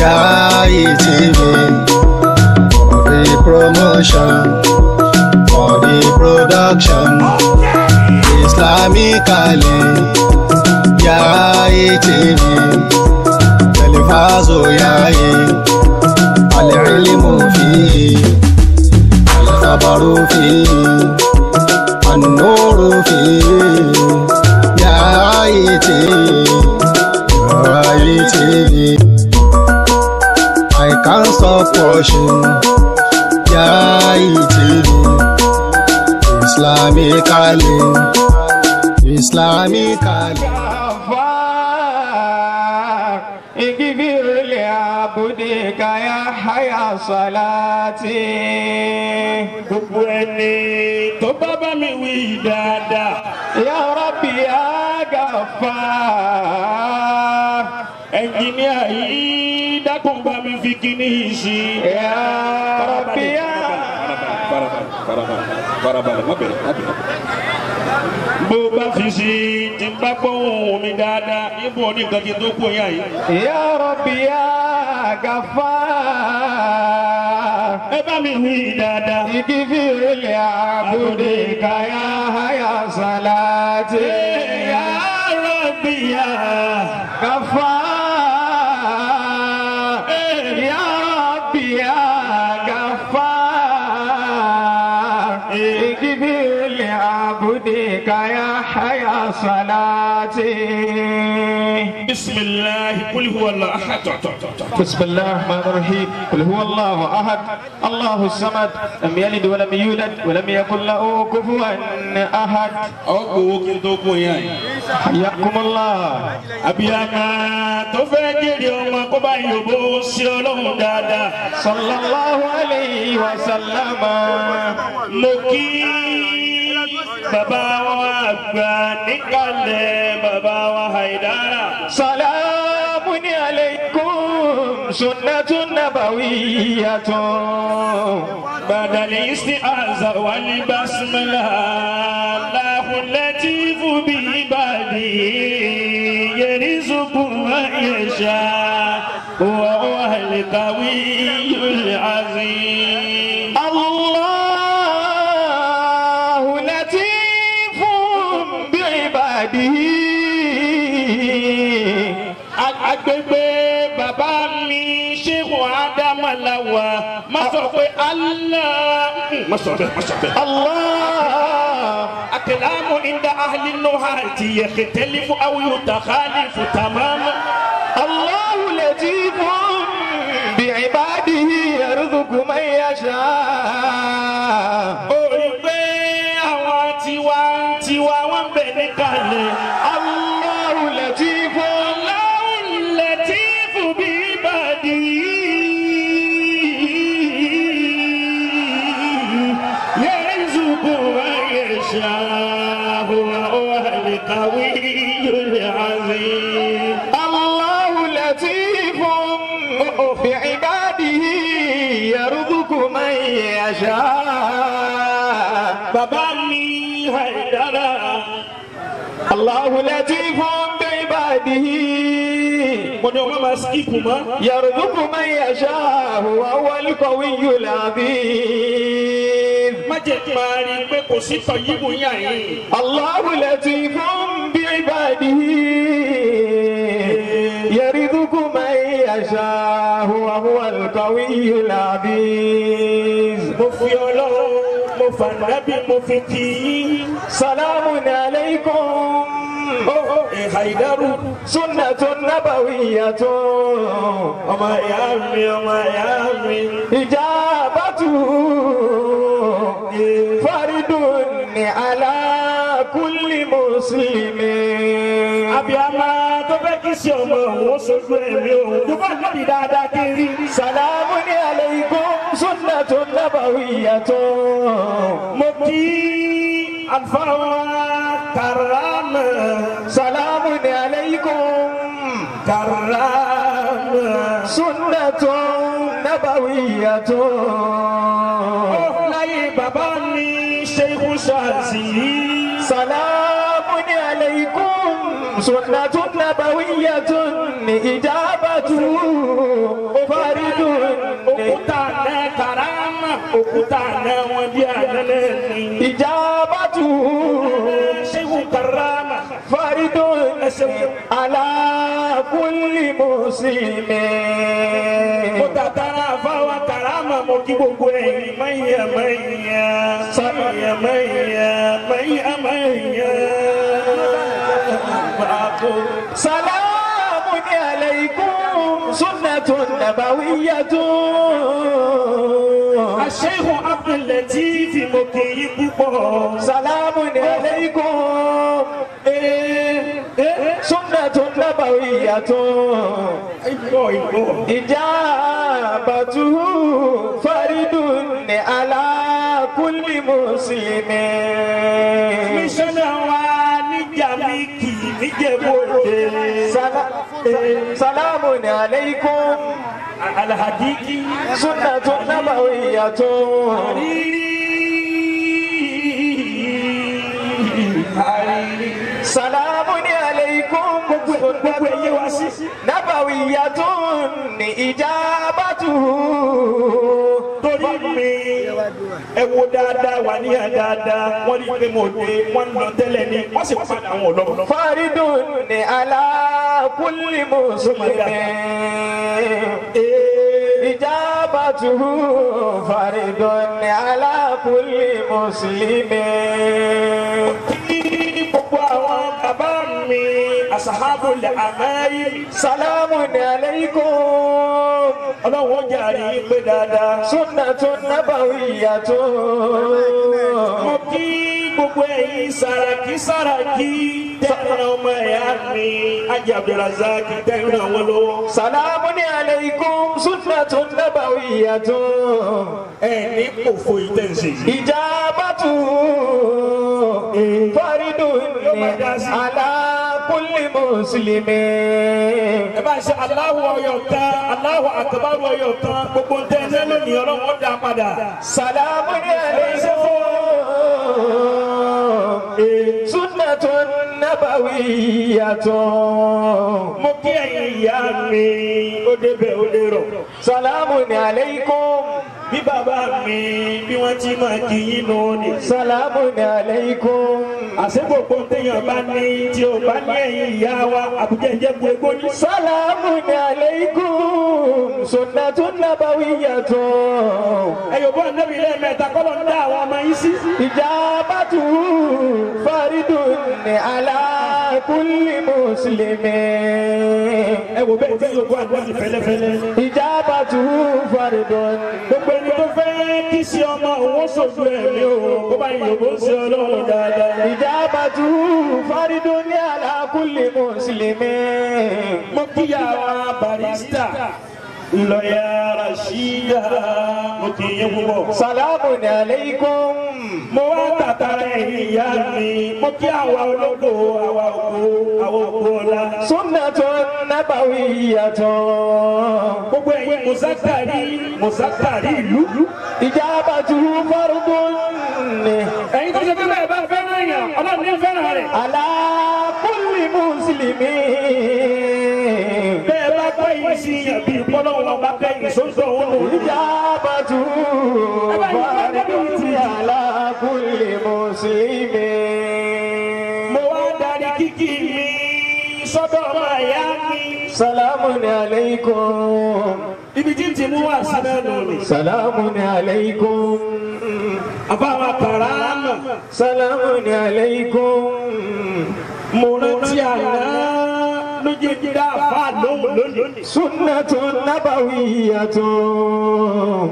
Yayi TV for the promotion, for the production, Islamically. Yayi TV, telefazo Yayi, Al-Ilmu Fihi, al kabarufi, Fihi, An-Nuru soft washing yàrá ìtìlì islamically islamically. اكبر لعبدك يا حيا صلاتي gbogbo ẹni tó bá bá mi wí dáadáa. jinihi ya rabbi ya barabara má bẹ̀rẹ̀ má bẹ̀rẹ̀. bó bá fi sí ti bá gbóhùn mi dáadáa níbo ní nǹkan kí n tó ya rabbi ya gafar. ẹ bá mi ní dáadáa. igi fi ilẹ̀ àbúdé káyà háyà sàlàtì. ya rabbi ya gafar. صلاتي بسم الله قل هو الله أحد بسم الله ما الرحيم قل هو الله أحد الله الصمد لم يلد ولم يولد ولم يكن له كفوا أحد يعني. حياكم الله أبيانا تفكر يوم قبا يبوس يولون دادا صلى الله عليه وسلم مكي Baba wa àgbà níkàlẹ̀ Baba wa Haidara. sàlámù ní aleikum sunnatu nabawiyatu. badal isti'aza wal basmala Allahu latifu bi ibadihi يرزق من يشاء وهو القوي العزيز مشوا الله أكلام عند أهل يختلف أو يتخالف تماما الله لطيف بعباده يرزق من يشاء Wallahu latifun bi ibadihi. mo ní ọmọ máa skipu mọ́. yarzuqu man yasha'u wa huwal qawiyyul azim. má jẹ́ máa rí i pé kò sí tọ́yí wò yàn yín. Allahu latifun bi ibadihi. yarzuqu man yasha'u wa huwal qawiyyul azim. mo fi ọlọ́run mo fàǹdàbí mo fi kì í. salamun alaykum ìhàìdárù sunnatun nabawiyyatun ọmọ ìyá mi ọmọ ìyá mi. ìjà bàtú faridun ní ala kulli muslimin. abiyama tó fẹ́ kí sí ọmọ òun sojú ẹ̀mí òun. tó bá lórí dáadáa kiri. salamu ni aleikum sunnatun nabawiyyatun. mo kí alfa wa karama salamu alaykum karam sunnatun nabawiyatun. láyé bàbá mi ṣẹ́kù ṣáàzì. salamu alaykum sunnatun nabawiyatun ní ìjábàtú faridun. òkúta náà karama òkúta náà wọn bí àná náà ìjábàtú ẹsẹ̀ ala kulli muslimin. mo tàtàrà àfáwà karama mo kí gbogbo ẹ̀yìn mẹ́yà mẹ́yà mẹ́yà mẹ́yà mẹ́yà mẹ́yà. salamu alaykum sunnatun nabawiyyatun. aṣẹ́hùn abdul latif mo kì í púpọ̀. salamu alaykum sunnatun nabawiyyatun. Ijabatuhu faridun ni ala kulli muslimin. mísọ́nà wa níjà mi kì í níjẹ̀bú òde. salamu ni aleikum. alahadiki. sunnatun nabawiyyatun. àrírí àrírí salamu ni aleikum gbogbo ẹyẹ wa sí. nabawi yatun ni ijabatu. torí mi ẹ wo dáadáa wà ní ẹ dáadáa wọ́n rí pé mo dé wọ́n lọ tẹ́lẹ̀ ní wọ́n sì padà wọn lọ. faridun ni ala kulli muslimin. ijabatu faridun ni ala kulli muslimin. kí gbogbo àwọn asahabu lamayi. salamu alaykum. ọlọ́run ó jàre pé dáadáa. sunnatun nabawiyyatun. mo kí gbogbo ẹ̀yin saraki saraki tẹ́ran ọmọ ẹ̀yà mi ajé abdulrasaq tẹ́ran wọn lọ́wọ́. salamu ni aleikum sunnatun faridun ni kulli muslimin. ẹ bá ṣe aláwọ̀ ọyọ̀ tán aláwọ̀ àtàbárò ọyọ̀ tán gbogbo ń tẹ́ ẹ lónìí ọlọ́wọ́ dá padà. sàlámù ní ẹ̀rẹ́sẹ̀ fún sunnatun nabawiyyatun. mo kí ẹ̀yin ìyá mi ó débẹ̀ ó dérò. sàlámù ní alaykum bí bàbá mi bí wọ́n ti máa kí yín lónìí. salamu alaykum. àṣegbò gbòǹtẹ̀yàn bá ní tí o bá ní ẹ̀yìn ìyá wa àbújá ìjẹ́ bu egó ní. salamu alaykum. sunnatu nabawiyyatu. ẹ̀yọ̀ bọ́ nẹ́bí lẹ́ẹ̀mẹ́ta kọ́lọ́ ń dá àwọn ọmọ yín sí. ijabatu faridun ala kulli muslimin. ẹ wo bẹ́ẹ̀ tí yóò bọ́ àdúrà ní faridun gbogbo ẹni tó fẹ́ kí sí ọmọ òun ṣojú ẹ̀mí o kó bá yìí lòbó sí ọlọ́run dáadáa. ìjábàtú fárídó ní àlàkùlé mùsùlùmí. mo kíyàwó barista lọ́yà rashida mo kì í yé púpọ̀. salamu alaykum. mo wá tàtàrà ẹ̀yìn ìyá mi mo kí àwa olóko àwa òkú àwa òkú ọ̀la. sunnatun nabawiyyatun. gbogbo ẹ̀yin musakari musakari ìlú. ijabatu fardun ni. ẹ̀yin tó ṣe pé bẹ́ẹ̀ bá fẹ́ràn yàn ọlọ́run ní fẹ́ràn rẹ̀. ala kulli muslimin kẹ́yìn sí yàn bí ìpọ́nlọ́wọ́ bá kẹ́yìn sóńtò òun. ìjábá tu fàríkìtì alákùnlé mùsùlùmí. mo wá darí kíkì mi sọ́dọ̀ ọmọ ìyá mi. salamu alaykum. ibi tí n mú wá sí mẹ́nu mi. salamu alaykum. àbáwá kàrá náà. salamu alaykum. mo rántí àná gíga fà lóhùn lónìí. sunnatun nabawiyyatun.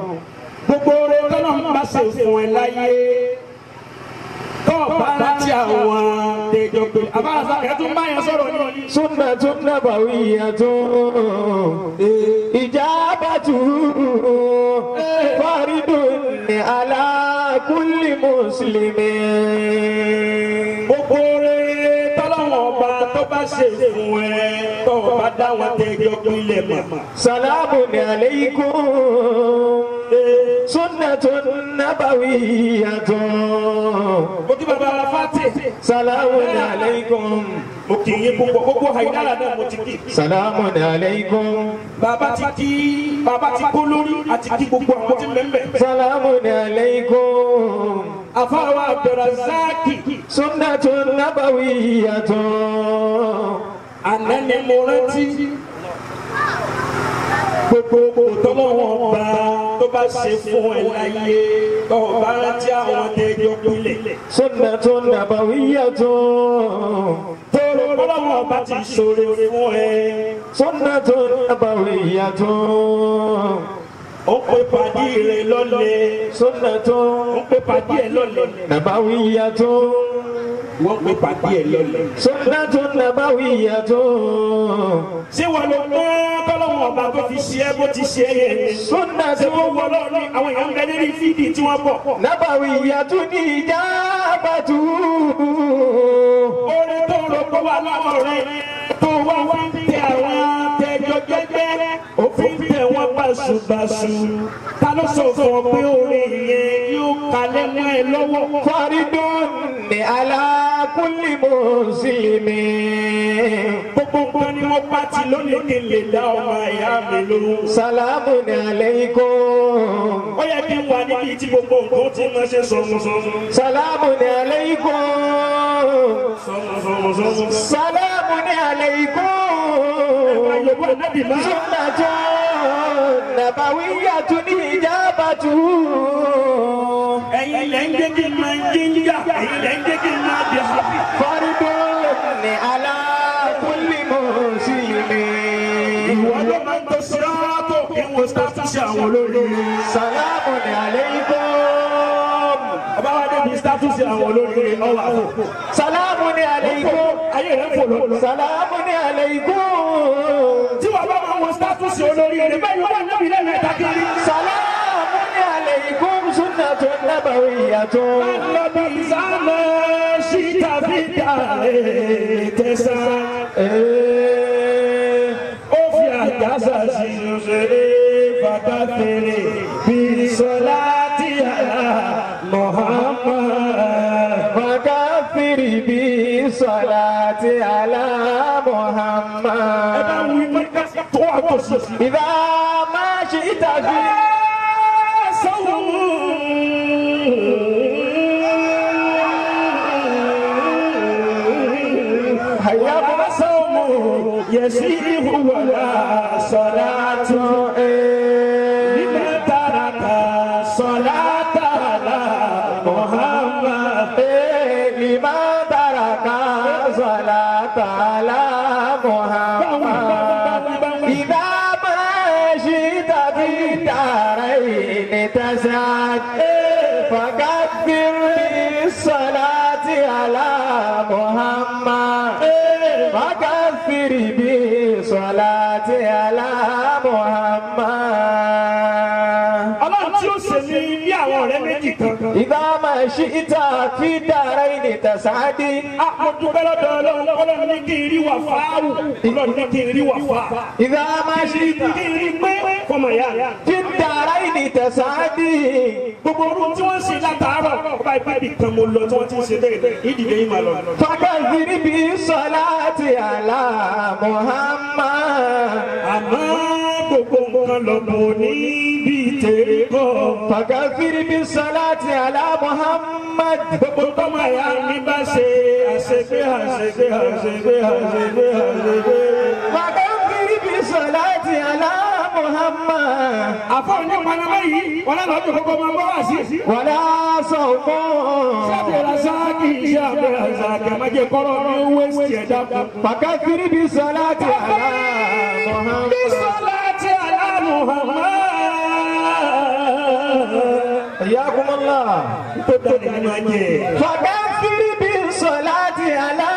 gbogbo rẹ tọ́nà ń bá ṣe fún ẹ láyé tọ́ọ̀bá láti àwọn tẹ̀jọ pé abáraṣà kẹ́tún bá yẹn sọ̀rọ̀ ní. sunnatun nabawiyyatun. ijabatu faridun ala kulli muslimin. gbogbo rẹ bá ṣe fún ẹ tó bá dá wọn tẹ́jọ́ pilẹ̀ mọ̀. sàlámù ní alaykum sunnatun nabawiyyatun. mo kí bàbá wa fati. sàlámù ní alaykum. mo kì í yé púpọ̀ gbogbo àyíkára náà mo ti kì. sàlámù ní alaykum. bàbá ti kí bàbá ti kó lórí àti kí gbogbo àwọn ti mẹ́mẹ́. sàlámù ní alaykum àfáwà abdulrasaki. sunnatun nabawiyyatun. àná ni mo rántí gbogbo tọ́lọ́wọ́n bá tó bá ṣe fún ẹ láyé tọ́wọ́ bá rántí àwọn tẹ́jọ́ pilẹ̀. sọ́dà tó ń dàbà wíyà tó. tóró ti ṣòro fún ẹ. sọ́dà tó ó pé padì rẹ̀ tó ó pé padì ẹ̀ ya tó wọ́n pé padì ẹ̀ lọ́lẹ̀ sọ́nà ya tó. ṣé wà ló mú kọ́lọ́mù ọba tó fi ṣe é bó ti ṣe é yẹn. sọ́nà tó wọ́n wọ lọ́ọ̀ni àwọn èèyàn ń bẹ lórí fídì tí wọ́n bọ̀. nàbáwí ya tó ní ìjà bàtú. orin tó rọ̀ pọ̀ wà láwọn tó wá wá ń tẹ àwọn jẹ́jẹ́ òfin tẹ̀ wọ́n báṣubàṣu ta ló sọ fún ọ pé orin yẹn yóò kalẹ̀ mọ́ ẹ lọ́wọ́. faridun ni alákùnlé mùsùlùmí. gbogbo ni wọ́n bá ti lónìí kí n lè dá ọmọ ẹ̀yà mi lóhùn. salamu ni aleikum. ó yẹ kí n wà níbi tí gbogbo nǹkan ti máa ṣe sọmùsọmù. salamu ni aleikum. sọmùsọmù sọmù. salamu ni aleikum. سنة نبوية إجابة فرد على كل مسلم سلام عليكم. Ọba wa débi status àwọn olórí ọwà fún ayé rẹ fò lọ. salamu ni aleikum. tí wàá bá máa wọ sítátùsì olórí rẹ bẹ́ẹ̀ ni wọ́n nábì lẹ́nu ẹ̀ta kiri. salamu ni aleikum sunnatun nabawiyyatun. alábà sálọ síta fi dà tẹ̀sà. ó fi àjàsà sí fàtà fèrè. salati ala Muhammad. ẹ bá wí pé ká tó àtọ̀sí. ìdá máa ṣe ìtàgé. sọ́wọ́. سلام محمد إذا ما شئت في الدارين تسعد فكبر بالصلاة على محمد فكبر بالصلاة على محمد ọlọ́run tí ó ṣe ní bí àwọn ọ̀rẹ́ méjì kan. ìbá máa ṣí ìta fi dára ìdè tẹ̀sáàdì mo dúpẹ́ lọ́dọ̀ ọlọ́run ọlọ́run ní kí n rí wà fáwù ọlọ́run ní kí n rí wà fà. ìdá máa ṣe ìdí kí n pé kọmọ ya ti dara ìdí tẹ̀sáàdì. gbogbo orun tí wọ́n ṣe látàárọ̀ ọba ìbíbi kan mo lọ tí wọ́n ti ṣe bẹ́ẹ̀ ìdílé yìí máa lọ. fàkàzì níbi sọlá ti àlà Muhammad. àmọ́ gbogbo nǹkan lọ́mọ níbi tèkó. Fàgà firi bí sọláàtì àlá Muhammad. Gbogbo tọ́mọ ya ní bá ṣe àṣegbé àṣegbé àṣegbé àṣegbé àṣegbé. Fàgà firi bí sọláàtì àlá Muhammad. Àfọ̀n ní Panama yìí, wọ́n lọ bí kókó máa bọ́ wá sí. Wọ́n á sọ fún un. Sábẹ̀rẹ̀ sáàkì iṣẹ́ àbẹ̀rẹ̀ sáàkì àmàjẹ kọ́rọ̀ ní wẹ́sì ẹ̀dá. Fàgà firi bí sọláàtì àlá Muhammad. Bí sọláàtì àlá Muhammad. حياكم الله فكفر بالصلاة على محمد فكفر بالصلاة على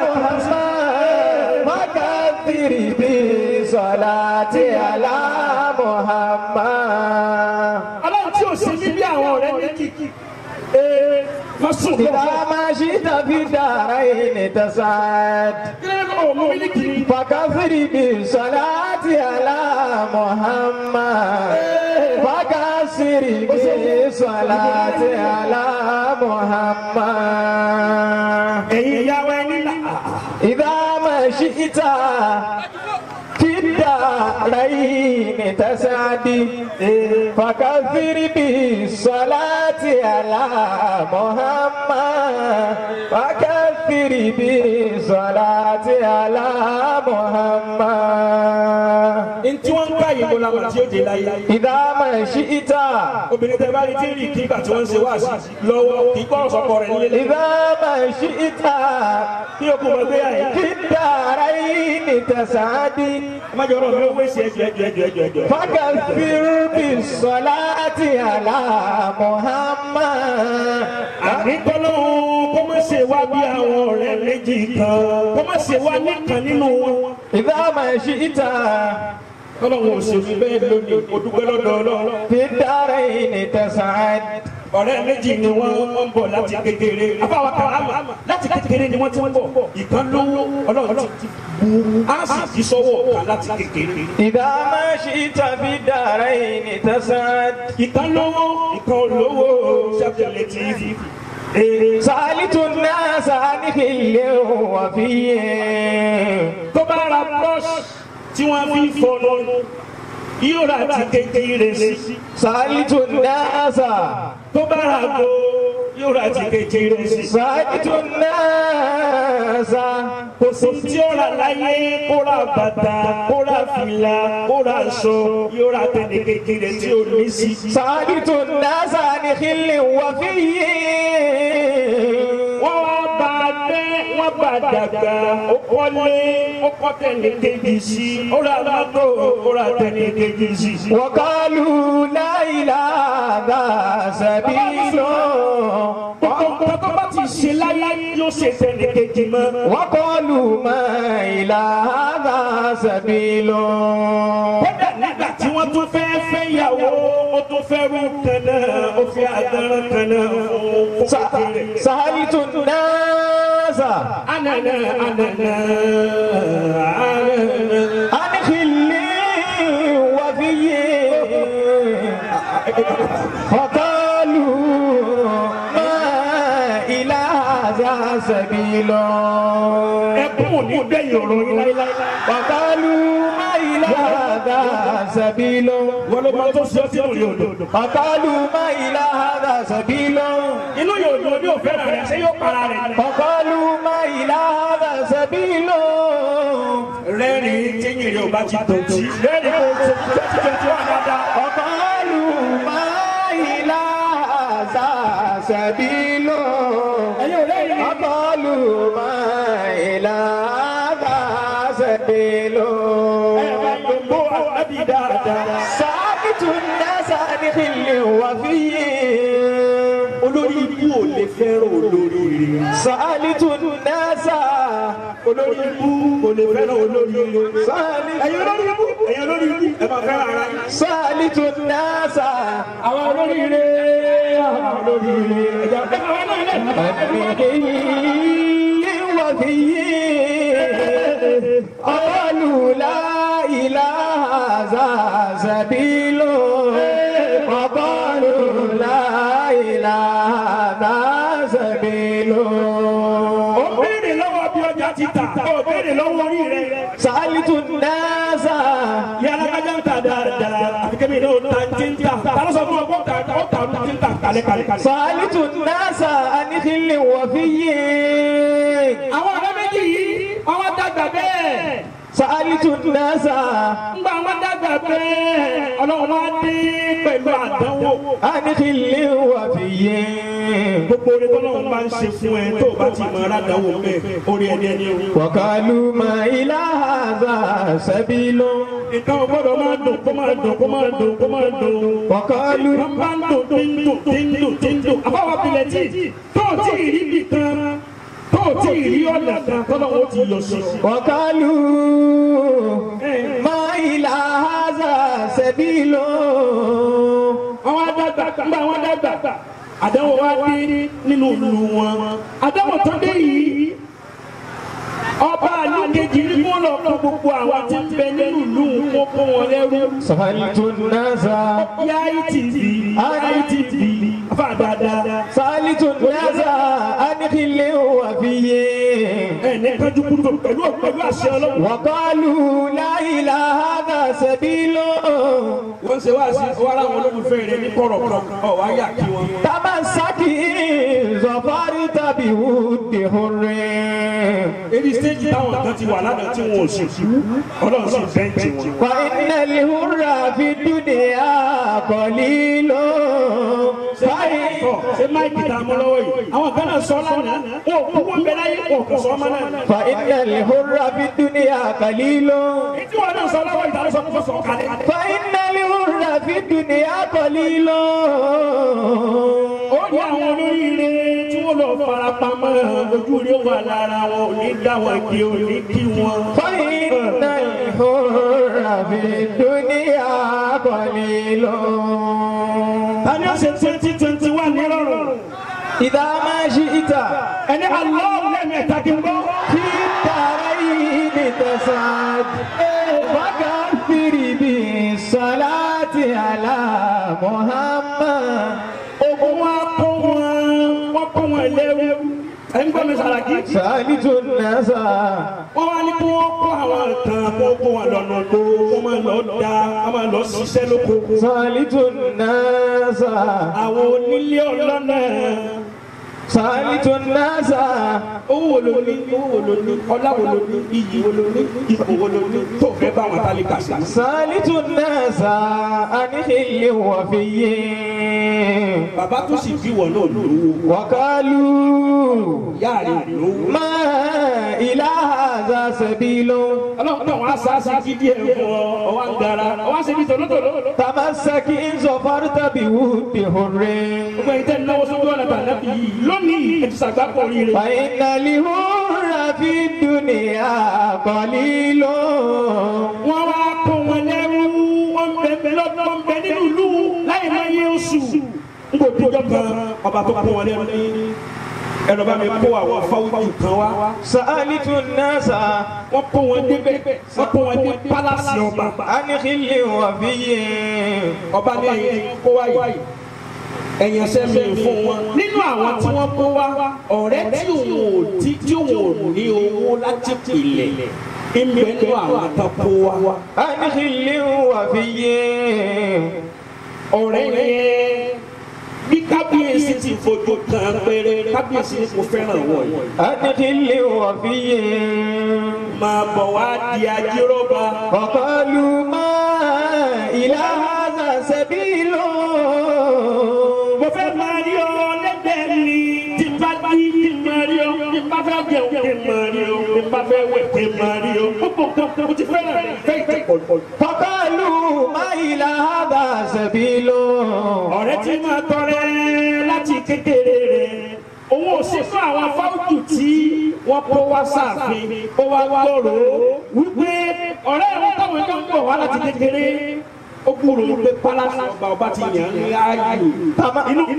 محمد فكفر بالصلاة على محمد sùn. ìdámá sí tàbí dàrá yìí ní tẹ̀sà. fàkàfìrì Muhammad. fàkàfìrì bí sọlá ti Muhammad. èyí yàwé nílà. ìdámá sí ìta. عليه تسعدي فكثر بالصلاة على محمد فكثر بالصلاة على محمد ntí wọn ń ká yìí mo lamọ tí ó di láyé. ìdáàmà ẹ̀ṣí ìta. obìnrin tẹ bá rí tí ń rí kígbà tí wọ́n ń ṣe wá sí lọ́wọ́ kì í gbọ́rọ̀ sọ́kọ rẹ̀ nílé. ìdáàmà ìta. kí o kò mọ̀ gbé yà yìí. kí dàrá yìí ní tẹ̀sán á májọ̀rọ̀ mi ò wé sí ẹjọ́ ẹjọ́ ẹjọ́ ẹjọ́ ẹjọ́. fọ́kà sọlá ti àlá Muhammad. àmì gbọ́lọ́hún kó má ṣe wá bí àwọn ọ̀rẹ́ méjì kan kó ṣe wá nìkan nínú wọn. ìdá máa ṣe ìta kọ́lọ́hún òṣèlú bẹ́ẹ̀ lónìí odúpẹ́ lọ́dọ̀ yìí ní tẹ̀sán. ọ̀rẹ́ méjì ni wọ́n ń bọ̀ láti kékeré abáwa kan àmà láti kékeré ni wọ́n ti ń bọ̀ ìkan lówó ọlọ́run ti bu á sọ́wọ́ kan láti kékeré. ìdámá ṣì tàbí dára yìí ní tẹ̀sán. ìkan lówó ìkan olówó ṣàfihàn ti fi. سألت الناس عن في اليوم وفيه كبر الرشد tí wọ́n fi fọnù yóò rà tí kejì rẹ̀ sí. sàálì tó náàsà. tó bá rà gbó yóò rà tí kejì sí. sàálì tó náàsà. kò sí tí ó rà láyé kó rà bàtà kó rà fìlà kó rà aṣọ yóò rà tẹ̀lé kejì rẹ̀ tí ò ní sí. sàálì tó náàsà ni kí lè wà fi yé má bà dàgbà ó kọ́lé ó kọ́ tẹ̀lé kejì sí ó rà mọ́tò ó rà tẹ̀lé kejì sí. wọ́kálù láìlá bá sàbí lọ. gbogbo tó bá ti ṣe láyé yóò ṣe tẹ̀lé kejì mọ́. wọ́kálù máìlá bá sàbí lọ. tí wọ́n tún fẹ́ fẹ́yàwó ó tún fẹ́ rú tẹ̀lé ó fi àdára tẹ̀lé fún kékeré. sahari tó náza. anana anana anana. anikili wabiye. fatalu ma ila aza sabilo. ẹkún ò ní gbẹ̀yìn ọ̀rọ̀ yín láéláé. fatalu. ilaha sabilo. wọ́n ló máa tó sọ sí òrì odò. ọ̀kọ́lù má ilaha sabilo. inú yóò dùn ní òfin rẹ̀ ṣé yóò para rẹ̀. ọ̀kọ́lù má ilaha sabilo. rẹ́rìn tí yìnyín ò bá ti dọ̀tí. rẹ́rìn kò tó ti dọ̀tí wà dáadáa. ọ̀kọ́lù má ilaha sabilo. ẹ̀yin ò rẹ́rìn. ọ̀kọ́lù má. sábì tún dáṣà ní kílẹ̀ wà fi yé. olórí ibú ò lè fẹ́ràn olórí rẹ̀. sábì tún dáṣà olórí ibú ò lè fẹ́ràn olórí rẹ̀. sábì ẹ̀yin olórí ibú ẹ̀yin olórí ibú ẹ̀ máa fẹ́ràn ara yín. ti ta ọ béèrè lọ́wọ́ orí rẹ. sàálì tún dáàzà. yàrá kájà ń ta dáadáa àfikẹ́mi náà ta ń ti ń ta. tàbí sọ fún ọ kó ta ó ta ó ti ń ta kalẹ̀ kalẹ̀. sàálì tún dáàzà anìkínlẹ̀ wọ̀ fi yé. àwọn ọ̀rẹ́ méjì yìí àwọn dàgbà bẹ́ẹ̀ alitu nasa. ngbà wọn dàgbà bẹ́ẹ̀ ọlọ́run wá dé pẹ̀lú àdánwò. anikili wà fi yé. gbogbo orin tó náà máa ń ṣe fún ẹ tó o bá ti mọ aládàáwò mẹ orin ẹni ẹni o. wàkàlù mà ilá àgbà sẹ́bí ló. nǹkan ò máa dùn kó máa dùn kó máa dùn kó máa dùn. wàkàlù. wọ́n bá ń dùn tí ń dùn tí ń dùn tí ń dùn. àbáwọ̀ bìlẹ̀ tí tó tí ì tó o tí ì rí ọ̀nà kan tọ́lọ́ wọn ti yọ sí. ọ̀kálù máa ilà áza ṣẹ̀bí lọ. àwọn adágbà nígbà àwọn adágbà àdánwò wa dé nínú ìlú wọn àdánwò tó dé yìí ọba àlùkejì ní kó lọ gbogbo àwọn tí ń bẹ nínú ìlú kó wọn lẹ́rú. sàlítù nàza. ya iti, itv afa dada. sàlítù nàza anikile wa fi ye. ẹ ní kájú kúrò pẹ̀lú pẹ̀lú àṣẹ ọlọ́run. wàkọ́lù láìla hàdà sẹ́bílò. wọ́n ṣe wá sí wàrà wọn lóbi fẹ́rẹ̀ ní kọ̀rọ̀kọ̀rọ̀ ọ̀ wá kí wọn. tábà ń sákì í zọfari tàbí wúdi hurẹ́. ebi stéèjì táwọn kan ti wà lánàá tí wọn ò sì kú ọlọ́run sì bẹ́ǹtì wọn. fa iná lihura fi dúnìá kọ́lí ló. sáyé ṣe máa kí tá mọ lọ́wọ́ yìí àwọn kan sọ lánàá ó kú bẹ láyé kó kó sọ ọmọ náà. fa iná lihura fi dúnìá kọ́lí ló. ìtí wọn náà sọ lọ́wọ́ ìdáná sọ fún sọ kalẹ̀. fa iná lihura fi dúnìá kọ́lí ló àbí àwọn olóríire tí wọ́n lọ fara pamọ́ ojú rẹ̀ wà lára wọn ò ní dá wọn kí ò ní kí wọn. kọ́yìn náà ìhóra fi dúníyà kọ́ni lọ. tani ó ṣe twenty twenty one nírọ̀rùn. ìdá máa ń ìta. ẹni àlọ́ lẹ́mẹ̀ẹ́ta kí n gbọ́. kí tààrà yìí ní tẹ̀sán. bákan fìrì bíi sọlá ti àlà mọ́hán. mi Sàràkí. sàmì tó nà sà. wọ́n wá ní kí wọ́n kó àwọn kan kó kó wọn lọ́nà tó kó máa lọ da kó máa lọ ṣiṣẹ́ lóko. sàmì tó nà àwọn onílé ọlọ́nà sàálìtò náàsà owó ló ní owó ló ní ọlá wo ló ní iyì wo ló ní ipò wo ló ní tó fẹ́ bá wọn tálí kà sí. sàálìtò náàsà àníṣeyé wọ́n fi yé. bàbá tó sì bí wọ̀ náà lówó. wàkálù. yáàrin lówó. máa ilá àzà sẹ̀bi ló. ọlọ́run wa sá sí díẹ̀ fún ọ ọwá ń gara ọwá ṣe bí tòlótòló. tàbá sẹ́kì ń sọ fárútàbí wù dìhùn rẹ̀. ó gbẹ́ náwó sójú lónìí ètò sàgbàpọ̀ oríire. fàyínàlì hóra fi wọ́n wá kó wọn lẹ́rú wọ́n bẹ̀bẹ̀ lọ́dọ̀ wọ́n bẹ̀ nínú ìlú láì máa yé oṣù. n kò díjọ́ kan ọba tó kó wọn lẹ́rú ní ẹ̀rọ mi kó àwọn fáwùjù kan wá. sàálì tún náà sà. wọ́n kó wọn débẹ̀ wọ́n kó wọn dé pálásì ọba. a ní kí lè wọ̀ fi yé. ọba ní kó wáyé ẹ̀yàn ṣe mi fún wọn nínú àwọn tí wọ́n kó wá ọ̀rẹ́ tí òun ò tí tí òun ò ní owó láti pìlẹ̀ ìmẹ̀nu àwọn àtàkó wa. àdìsílẹ̀ wà fi yé ọ̀rẹ́ yẹn bí kábíyèsí ti fojú kan péré kábíyèsí ni mo fẹ́ràn wọ̀ yìí. àdìsílẹ̀ wà fi yé. máa bọ̀ wá di ajíròba. ọ̀pọ̀ lu mọ́ ìlànà. jẹun kí n máa rí o kí n bá fẹ́ wẹ̀ kí n máa rí o gbogbo nǹkan mo ti fẹ́ràn rẹ̀ fẹ́ ìtẹ̀pọ̀lù. bàbá ìlú máìlá bá ṣẹ̀bí lò. ọ̀rẹ́ tí máa tọrẹ láti kékeré rẹ̀ owó òsè fún àwọn fáwùjù tí wọ́n kó wá sáàfin kó wá wá lọ́rọ̀ wípé ọ̀rẹ́ ìwọ́n táwọn ẹgbẹ́ ń bọ̀ wá láti kékeré ó kúrò pé pálásì ọba ọba ti yàn ní ààyè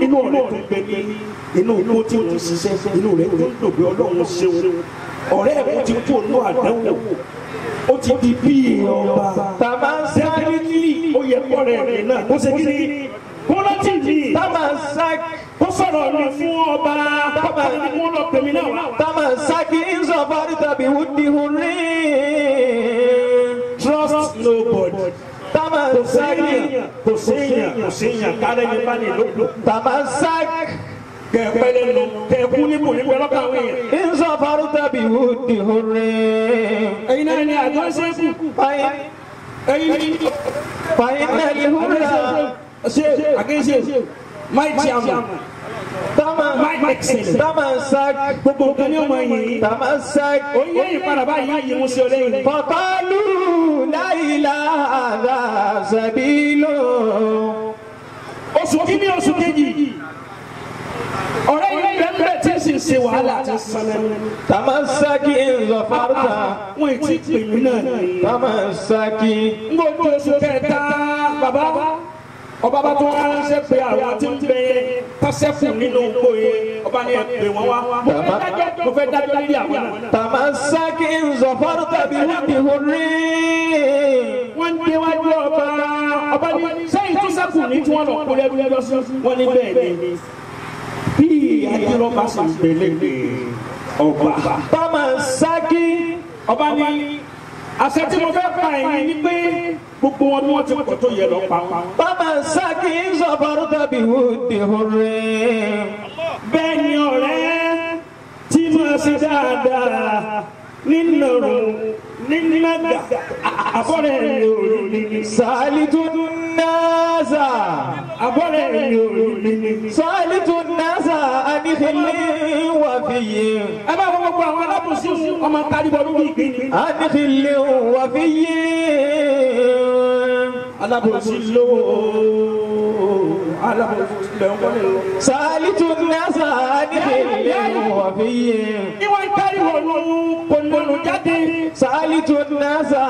inú inú rẹ tó gbẹ ní inú tó ti ń ṣiṣẹ́ inú rẹ tó ń dògbé ọlọ́run ṣeun ọ̀rẹ́ ẹ̀ ti kú ònú àdánwò ó ti di bí ọba tàbá sẹ́kìrìtì ó yẹ kọ́rẹ́ rẹ̀ náà kó sẹ́kìrìtì kọ́lọ́tì ni tàbá sẹ́kì kó sọ̀rọ̀ ní fún ọba tàbá ní kó lọ pèmí náà wá. tàbá sẹ́kì ń sọ bá rí tàbí wúdi hun ní trust nobody tamasaki kòséyàn kòséyàn kálẹ̀ ní bani lóko. tamasaki. kẹ̀kẹ́lẹ́ lọ kẹ̀kú ní bòlí pẹ̀lú káwé yẹn. nsọ faru tabi wo di hore. ẹyin náà ni àjọ ṣe kú. fayin. ẹyin ni. fayin náà ni hore la. ṣe àkẹ́ṣe máì tí a mọ̀ tamansak gbogbo nǹkan ni o ma yin tamansak o ye ìfaraba yìí yìí musu olóyin. fọkàlù láyìlá àdàzàbílò. oṣù kìíní oṣù kejì ọ̀rẹ́ yìí bẹ́ẹ̀ tí sì ń ṣe wàhálà àti sanani. tamasaki nzọfarita. wọn ti pè mí náà ni. tamasaki. n kò tó oṣù kẹta baba ọba bá tún ránṣẹ́ pé àwọn ti ń bẹ kásẹ́fù nínú gbó yẹn ọba ni ẹ pè wá mo fẹ́ dájọ́ lórí àwọn náà. tàmá sákì ń zọ fọ́rù tàbí wípé horí. wọ́n ń déwájú ọba ọba ni sẹ́yìn tó sẹ́kù ní tí wọ́n lọ kó lẹ́rú lẹ́rú sí wọ́n ní bẹ́ẹ̀ ni bí adélọ́ba sì gbélé ọba. tàmá sákì ọba ni àṣẹ tí mo fẹ́ pa ẹ̀yin ni pé gbogbo wọn ni wọ́n ti pọ̀ tó yẹ lọ pa wọn. bàbá sákì ń sọ̀bọ̀rọ̀ tàbí wò dé hore. bẹ́ẹ̀ ni ọ̀rẹ́ tí máa ṣe dáadáa nínú nàdà àkọ́rẹ́ rẹ̀ ò ní. sàálì tó الناس أبرر سألت الناس عن خلي وفي أما هو هو أبو أما قريب عن خلي وفي alábòsí lówó alábòsí lẹ́wọ̀n kọ́lé lọ. sàlìtù nàṣà nílé wà fi yé. ìwọ ìkárí wọnú kòlòlù jáde. sàlìtù nàṣà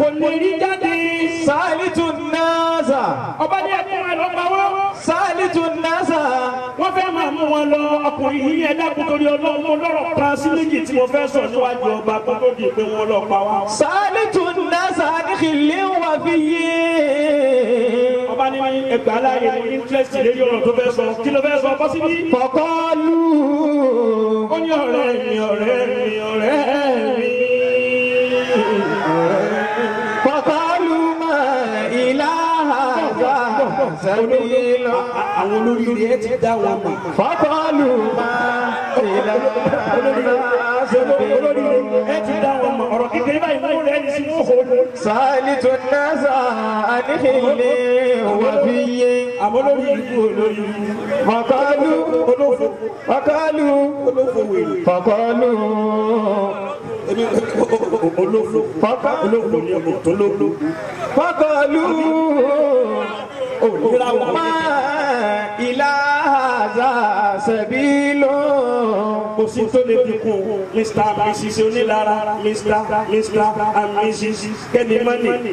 kòlòlù jáde. sàlìtù ọba ní ẹkún ẹ lọ́pàá wọ́. sáàlì tún nasa. wọ́n fẹ́ máa mú wọn lọ ọkùnrin yìí ẹ dákun ọlọ́run lọ́rọ̀ kan sí tí mo fẹ́ sọ níwájú ọba kó tó di pé wọ́n lọ pa wá. sáàlì tún nasa ní kìlì wà fi yé. ọba ní ẹgbàá láàyè ní interest lórí ọ̀rọ̀ tó fẹ́ sọ kí ló fẹ́ sọ kọ́síbí. kọ̀kọ́ lù. ó ní ọ̀rẹ́ mi ọ̀rẹ́ mi ọ̀rẹ́ sẹ́mílá. Àwọn olóríire ẹ ti dá wọn mọ̀. Fọ́fọ́lù máa ṣe dáadáa sẹ́mílá. Olóríire ẹ ti dá wọn mọ̀. Ọ̀rọ̀ kékeré báyìí mú rẹ̀ ní sínú òhòòhò. Sáàlì tó ná àdéhìnlé wà fi yé. Àwọn olóríire kú olóríire. Fọ́kọ́lù olófò. Fọ́kọ́lù olófò wèrè. Fọ́kọ́lù olófò. Fọ́kọ́lù olófò ni olùràwọ̀mọ́ ìlàjà ṣẹ̀bí ló. kò sí tó lè dínkù mr mrs onílara mr mr and mrs kẹ́ni mọ́nì.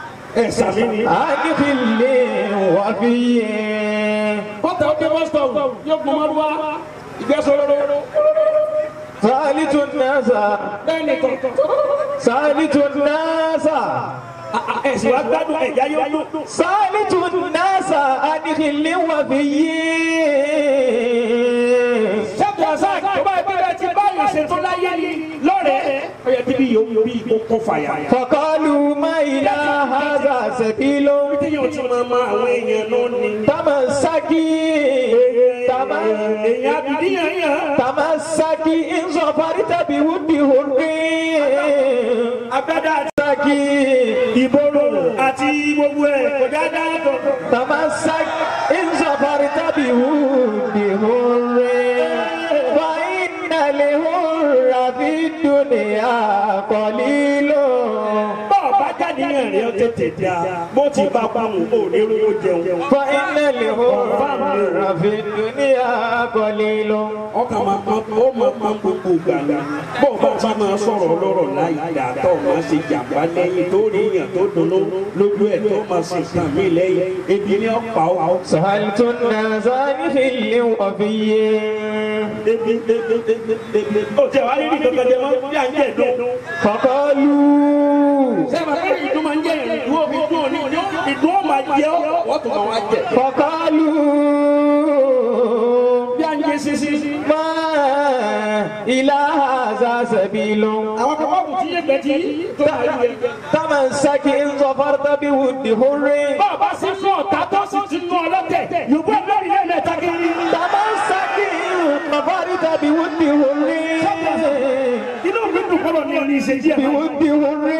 ẹ̀sàmì ni. akíbi lè wá fi yé. kọ́tà ó dé bá sọ̀rọ̀ yóò gbọ́n máa wá ìgbésọ̀rọ̀. sáàlì tó nàásà. bẹ́ẹ̀ni kọ́. sáàlì tó nàásà. ẹ̀sìn wa gbádùn ẹ̀yà yóò dùn. sáàlì tó nàásà akíbi lè wá fi yé. sẹ́kùn àṣà tó bá yẹ ṣe tó láyé ni lọ́rẹ̀ẹ́ ọ̀yẹ́ débi yòówù bí kò kó fàyà. kọ̀kọ́lù máìlá haza ṣèkí ló. bí tíyẹ̀ o ti máa ma àwọn èèyàn ló ní. tàmà sákì tàmà èèyàn àbídíyàn yàn. tàmà sákì ńsọ̀fárí tàbí wúdi hùwé. abẹ́dá sákì ìbòrò àti gbogbo ẹ̀ kò dáadáa tọ̀. tàmà sákì ńsọ̀fárí tàbí wúdi. tẹ̀dá bó ti bá bá wọn ò ní rówó jẹun. fa ilé lè hó ràfi dúníà kọ́lé lọ. ọkà máa pa ó máa pa gbogbo gbàgbà bó o bá ti máa sọ̀rọ̀ lọ́rọ̀ láì dá tó o máa ṣe jàmbá lẹ́yìn tó rí èèyàn tó dunnú lójú ẹ̀ tó máa ṣe kàn mí lẹ́yìn ebi ni ọ̀pá wa. sàhálì tó nà sáni fi lè wọ̀ fi yé. ebi ebi ebi ebi o tẹ wá rí ìdókòjẹ mọ́ bí à ń jẹ̀ dùn. kọ̀kọ́ lù. sẹ́wọ̀n ká ìdó jẹ ọ́ wọ́n tún máa wá jẹ. kọ̀kọ́lù bí a ń jẹ ilá àzá sẹ̀bi lọ. àwọn kan wọ́n tí yẹn gbẹ̀tì tó wà lóye. táwọn ń sákì ń sọ fárúdá bí wù di hóore. bàbá sí sọ tàtọ́ sí ti nù ọlọ́tẹ̀ yorùbá lórí yẹn lẹ́ta kiri. táwọn ń sákì ń sọ fárúdá bí wù di hóore. inú mi dùn kọ́lọ̀ ní ọ̀nì ìṣèjì ẹ̀ báyìí. bí wù di hóore.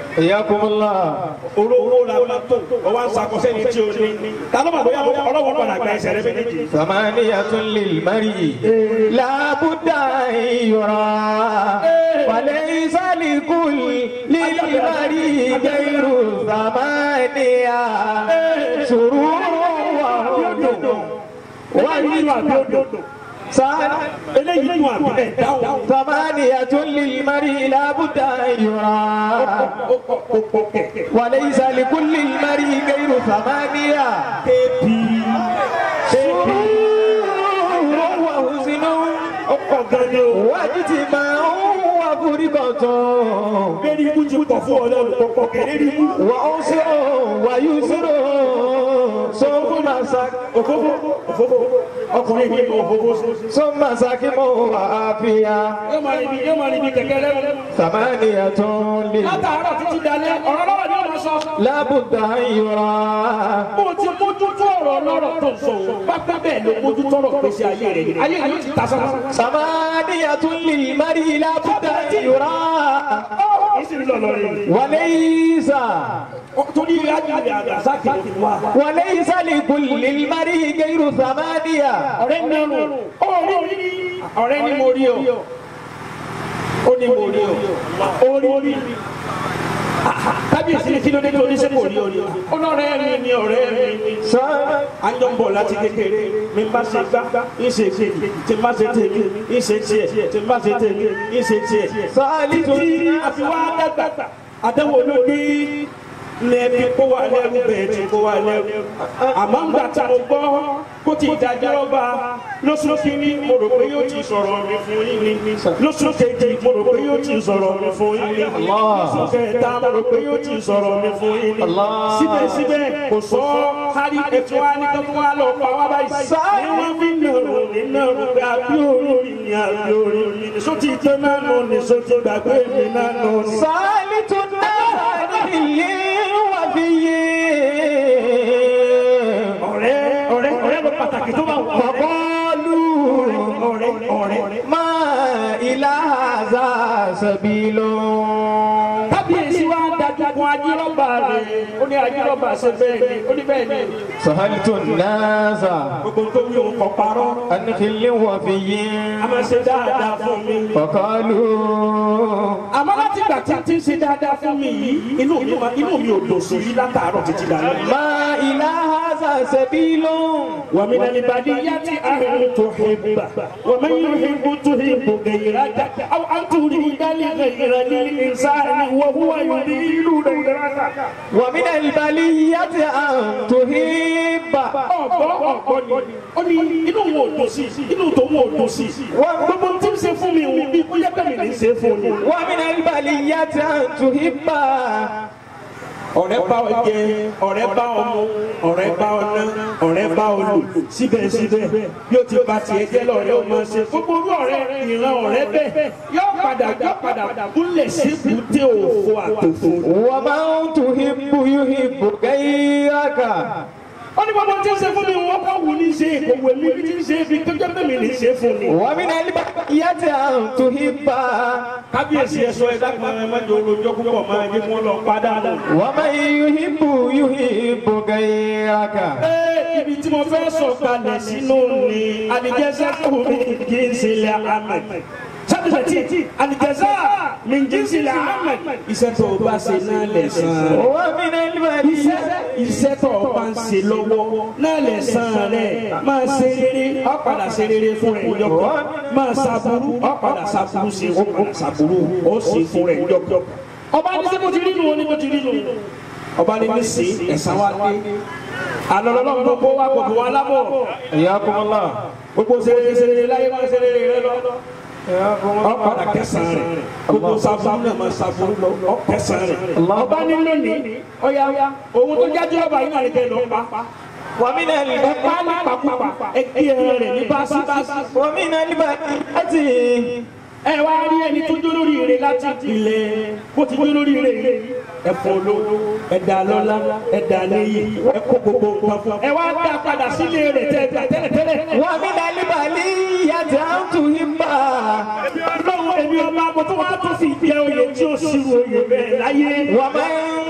ìyá kumala. olówó la ma tó o wa sakọsẹ ni tí o ní. taló ma bóyá ọlọ́wọ́ padà gba ẹsẹ̀ rẹ méjèèjì. samaniyatun lil mar'i. laabuda yọrọ. wàlẹ̀ isalikul lil mar'i gairu samaniya. sùúrù wà ó wà á eléyìí tún àbí ẹ̀ dá o. samani atolili mari labuda yura. wàlẹ̀ isali kuli mari geiru samaniya. tepi. tepi. wọ́wọ́ husinu. ọkọ̀ gani o. wájú ti máa ń wá forí kọ̀tàn. bẹ́ẹ̀ni ikú ti pọ̀ fún ọ̀lẹ́ olùkọ́kọ́ kẹ̀lé ikú. wà ó sí wà yóò sí o. fún màsà òfófó òfófó ọkùnrin mi kò fowó sí. sọ́mà sákì mọ́ àfihàn. yóò máa níbi yóò máa níbi kẹ̀kẹ́ lẹ́nu. sàmáàlì ẹ̀tọ́ lè. látàárọ̀ títí dalẹ̀ ọ̀rọ̀ lọ́rọ̀ ni ó sọ. lábùdá yọra. mo ti mójútó ọ̀rọ̀ lọ́rọ̀ tó sọ pápá bẹ́ẹ̀ ló mójútó ọ̀rọ̀ gbèsè ayé rẹ̀ yìí. ayé yìí ti ta sọ́nà. sàmáàlì ẹ̀tọ́ lè mari lábùdá yọra. wàlẹ́ yìí sà torí ayé rẹ̀ àgbàsá kìlì wa. wọlé isali kulil mari geiru samadiya. ọ̀rẹ́ mi ò rò ọ̀rẹ́ ni mo rí o ó ní mo rí o ó rí mi kábíyèsí kí ló dé tó ní sẹ́ kò rí o ó ní ọ̀rẹ́ mi ni ọ̀rẹ́ mi ni. àjọ ń bọ̀ láti kékeré mi má ṣe gbá ń ṣe kejì tí má ṣe tèmi ń ṣe tiẹ̀ tí má ṣe tèmi ń ṣe tiẹ̀. sọ́ọ́lì tí a dàgbà àdéhùn olóde lẹ́ẹ̀fi kó wa lẹ́rú bẹ́ẹ̀ ti kó wa lẹ́rú àmọ́ ńgbà tá mo gbọ́ kó ti dájọ́ ọba lóṣù kìíní mo rò pé yóò ti sọ̀rọ̀ mi fún yín ni lóṣù kejì mo rò pé yóò ti sọ̀rọ̀ mi fún yín ni lóṣù kẹta mo rò pé yóò ti sọ̀rọ̀ mi fún yín ni síbẹ̀síbẹ̀ kò sọ kárí ètò anìkanwá lọ pa wá báyìí ni fi nàró ní nàró pé àbí orí ni àbí orí mi sọ ti tẹ́ náà ni sọ ti gbàgbé mi náà nù ni. tó náà ní pàtàkì tó bá wù. Bọ̀bọ́ọ̀lù ọ̀rẹ́ ọ̀rẹ́ máa ìlà àzà sàbí lọ́wọ́ ajírọ́bà mi ó ní ajírọ́bà ṣe bẹ́ẹ̀ ni ó ní bẹ́ẹ̀ ni. sahalitu nasa. gbogbo tó wí òun kọ parọ́. anikili wọ fi yé. a máa ṣe dáadáa fún mi. kọ̀kọ́lù. àmọ́ láti gbà tí a ti ń ṣe dáadáa fún mi yìí inú mi inú mi ò dòṣù látàárọ̀ títí dáná. ma ilá hasa ṣẹbi ló. wà mí lẹni bàdí yá ti àrùn tó hìbà wà mí yóò hìbù tó hìbù gẹ̀yìrà dá. àwọn àtúndì ìdálẹ̀ gẹ̀yìrà ní ìsáàlì wọ́n wọ́n ní ìlú rẹ̀ wàmínà ìbálí yàtì àn tòhíbà. ọ̀gbọ́ ọ̀gbọ́ ni ó ní inú wọn ò dùn sí inú tó wọn ò dùn sí. gbogbo tí ń ṣe fún mi wò bí kó yẹ ní í fún mi. wàmínà ìbálí yàtì àn tòhíbà ọ̀rẹ́ bá ọ jẹ ọ̀rẹ́ bá ọ mú ọ̀rẹ́ bá ọ ná ọ̀rẹ́ bá ọ ti ba tiẹ̀ jẹ́ lọ́rẹ́ o máa ṣe gbogbo orú ọ̀rẹ́ ìran ọ̀rẹ́ bẹ́ẹ̀ yóò padà yóò padà búlẹ̀ sí bùtẹ́ òfò àtòfò. wọ́n máa ń tún hípù yín hípù kẹ́yìn ákà wọ́n ní gbogbo tí ń ṣe fún mi wọ́n kọ́ wù ní ṣe ìkòwò mi bí tí ń ṣe ibi tó jẹ́ pé mi ní ṣe fún mi. wọ́n mi náà nípa ìyá tí a tó yí bá. kábíyèsí ẹ̀sọ́ ẹ̀dá kan ẹ̀ mẹ́jọ olójó púpọ̀ máa yé wọn lọ padà lọ. wọ́n máa yí ibù yí ibù gẹ̀yẹ́ aka. ee ibi tí mo fẹ́ sọ sínú ni àdìjẹ́sẹ́ kò ní kí n ṣe lẹ́ jati alijaza min jinsi la amal iṣẹ́ tó o bá ṣe náà lè san rẹ̀ iṣẹ́ iṣẹ́ tó o bá ń ṣe lọ́wọ́ náà lè san rẹ̀ máa ṣe rere ó padà ṣe rere fún rẹ̀ yọkọ máa ṣàbùrú ó padà ṣàbùrú ṣe ó padà ṣàbùrú ó ṣe fún rẹ̀ yọkọ. ọba ní sẹ́kọ̀ọ́ ti rí nù ó ní kò ti rí nù. ọba ní ní sè é ẹ̀sán wa dé alọlọlọ gbogbo wa gbogbo wa lábọ. ìyá kọ́mọ́lá. gbogbo serere ọ padà kẹsàn rẹ gbogbo saburu náà ma saburu lọ ọ kẹsàn rẹ. ọba ní lónìí ọya owó tó jáde ọba yìí náà lè tẹ lọ pa wàmínà ìbá pàápàá ẹgbẹ́ rẹ̀ ní báṣíbáṣí. wàmínà ìbá àti ẹ wá rí ẹni tó jó lórí ire láti ìpìlẹ̀ bó ti jó lórí ire yìí ẹ fún olówó ẹ dá lọ́lá ẹ dá léyìí ẹ kó gbogbo nǹkan fún ẹ wá dá padà sílé rẹ̀ tẹ́ gbà tẹ́lẹ̀tẹ́lẹ̀. wà á mi dá ní bàálí yàtí à ń tún yín bá. lọ́wọ́ èmi ọba mo tó wá tó sì jẹ́ oyè tí ó ṣirò oyè bẹ́ẹ̀ láyé. wà á máa ń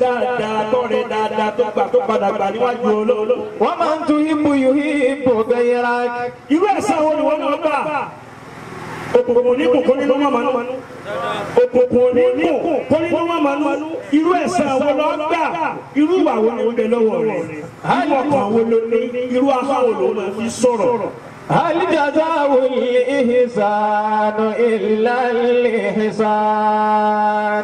sọ dáadáa tó rẹ dáadáa tó gbà tó padà gbà níwájú olóòlò. wọ́n máa ń tu ibu yìí ibo gẹ̀yẹ́ra. irú ẹ̀sán wo ni wọ́n máa gbà? òkùnkùn ní kùn kọ́ni ló máa manú. òkùnkùn ní kùn kọ́ni ló máa manú. irú ẹ̀sán wo lọ gbà? irú ìwà wo ni ó bẹ lọ́wọ́ rẹ̀? irú ọkàn wo ló ní? irú ahọ́n wo ló máa fi sọ̀rọ̀? هل جزاء الإحسان إلا الإحسان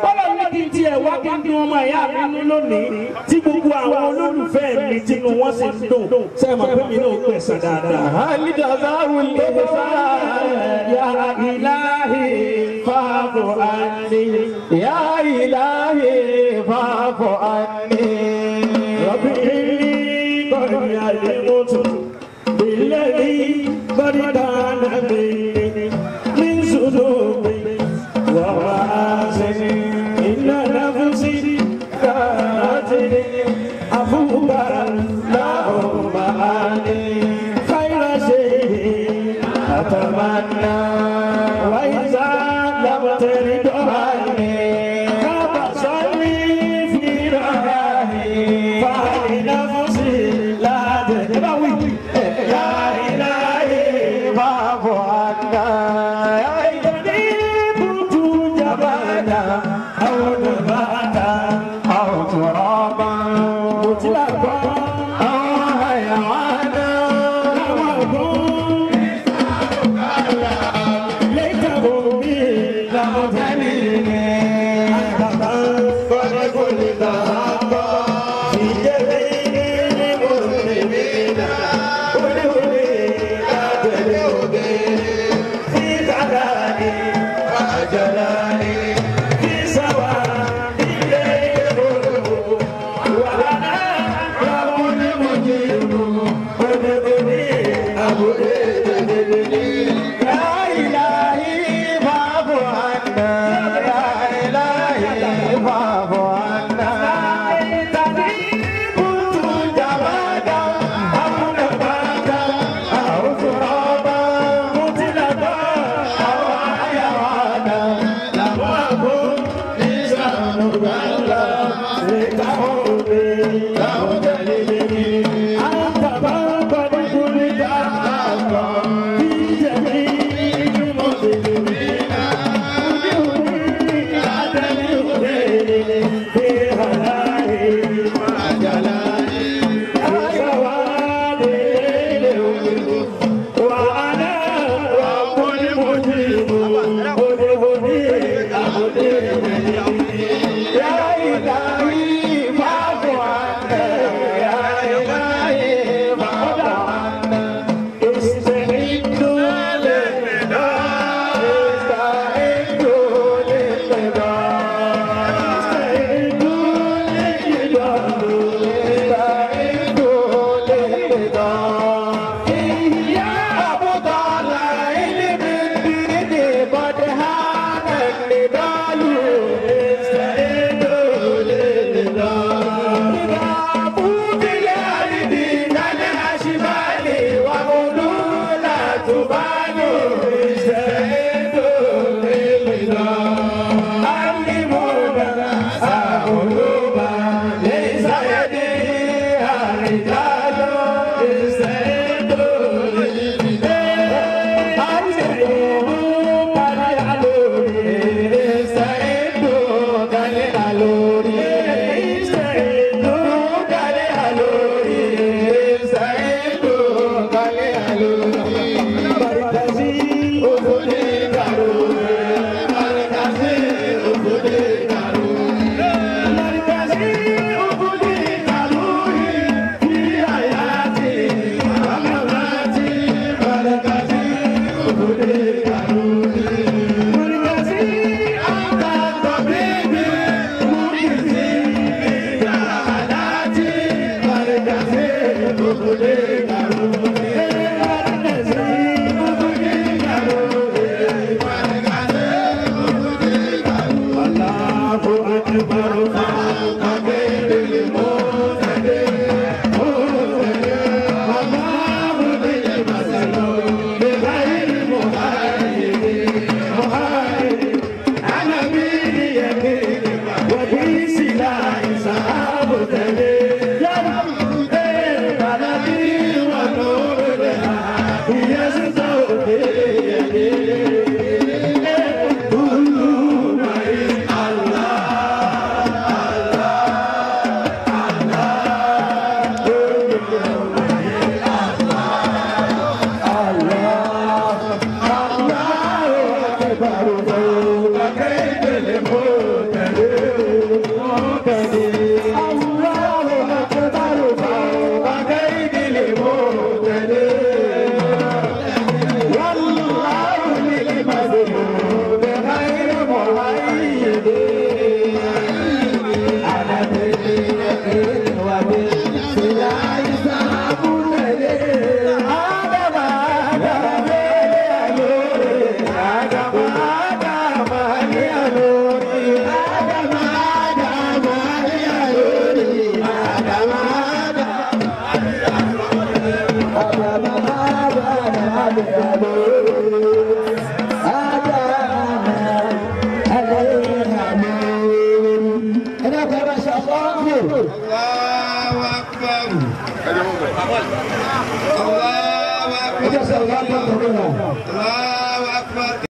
wá bí ní ọmọ ẹ̀yà mi nú lónìí tí gbogbo àwọn olólùfẹ́ mi tinú wọn sì ń dùn sẹ́yìn máa pé mi náà pẹ̀sẹ̀ dáadáa. àlìdàdà wulẹ̀ yàrá ìláhì fáfọ̀ àní yàrá ìláhì fáfọ̀ àní.